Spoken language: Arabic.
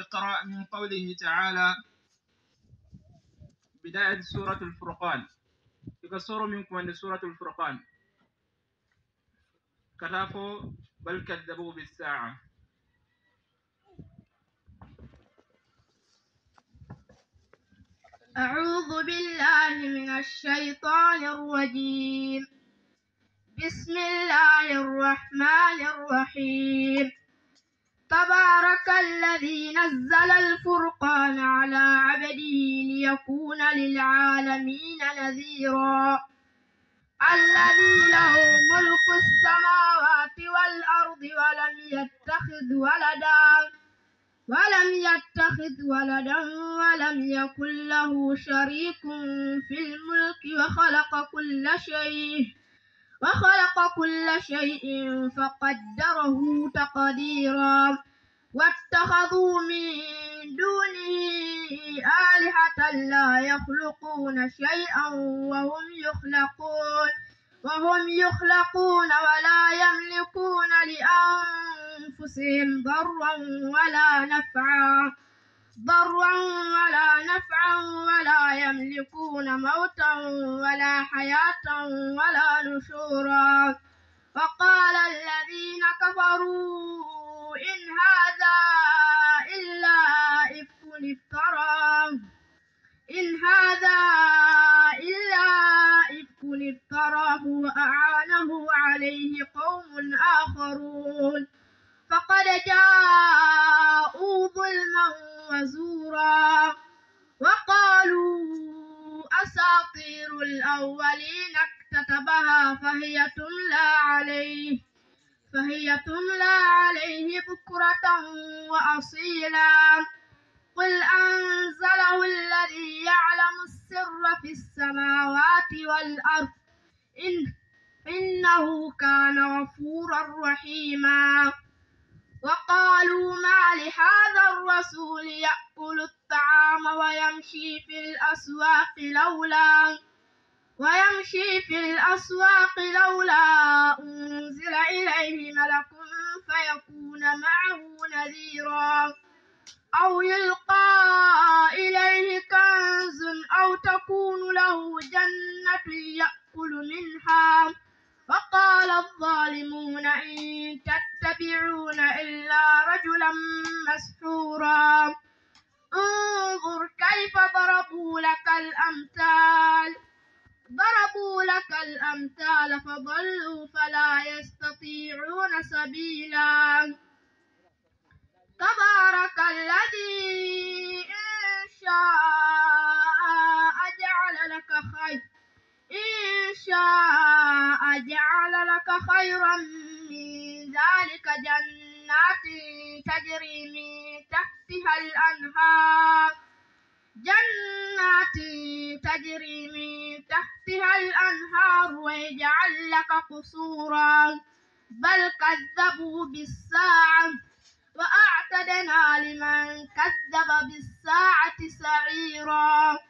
اقرأ من قوله تعالى بداية سورة الفرقان يقصر منكم أن سورة الفرقان كلافوا بل كذبوا بالساعة أعوذ بالله من الشيطان الرجيم بسم الله الرحمن الرحيم تبارك الذي نزل الفرقان على عبده ليكون للعالمين نذيرا الذي له ملك السماوات والأرض ولم يتخذ ولدا ولم يتخذ ولدا ولم يكن له شريك في الملك وخلق كل شيء وخلق كل شيء فقدره تقديرا واتخذوا من دونه آلهة لا يخلقون شيئا وهم يخلقون وهم يخلقون ولا يملكون لأنفسهم ضرا ولا نفعا ضرا ولا نفعا ولا يملكون موتا ولا حياة ولا نشورا وقال الذين كفروا إن هذا إلا إفك افترى إن هذا إلا إفك افتراه وأعانه عليه قوم آخرون فقد جاءوا وزورا وقالوا أساطير الأولين اكتتبها فهي تملى عليه فهي تملى عليه بكرة وأصيلا قل أنزله الذي يعلم السر في السماوات والأرض إن إنه كان غفورا رحيما وقالوا ما الرسول يأكل الطعام ويمشي في الأسواق لولا ويمشي في الأسواق لولا أنزل إليه ملك فيكون معه نذيرا أو يلقى إليه كنز أو تكون له جنة يأكل منها فقال الظالمون إن تتبعون إلا رجلا مسحورا انظر كيف ضربوا لك الأمثال ضربوا لك الأمثال فضلوا فلا يستطيعون سبيلا تبارك الذي إن شاء أجعل لك خير إن شاء أجعل لك خيرا ذلك جنات تجري من تحتها الأنهار جنات تجري من تحتها الأنهار ويجعل لك قصورا بل كذبوا بالساعة وأعتدنا لمن كذب بالساعة سعيرا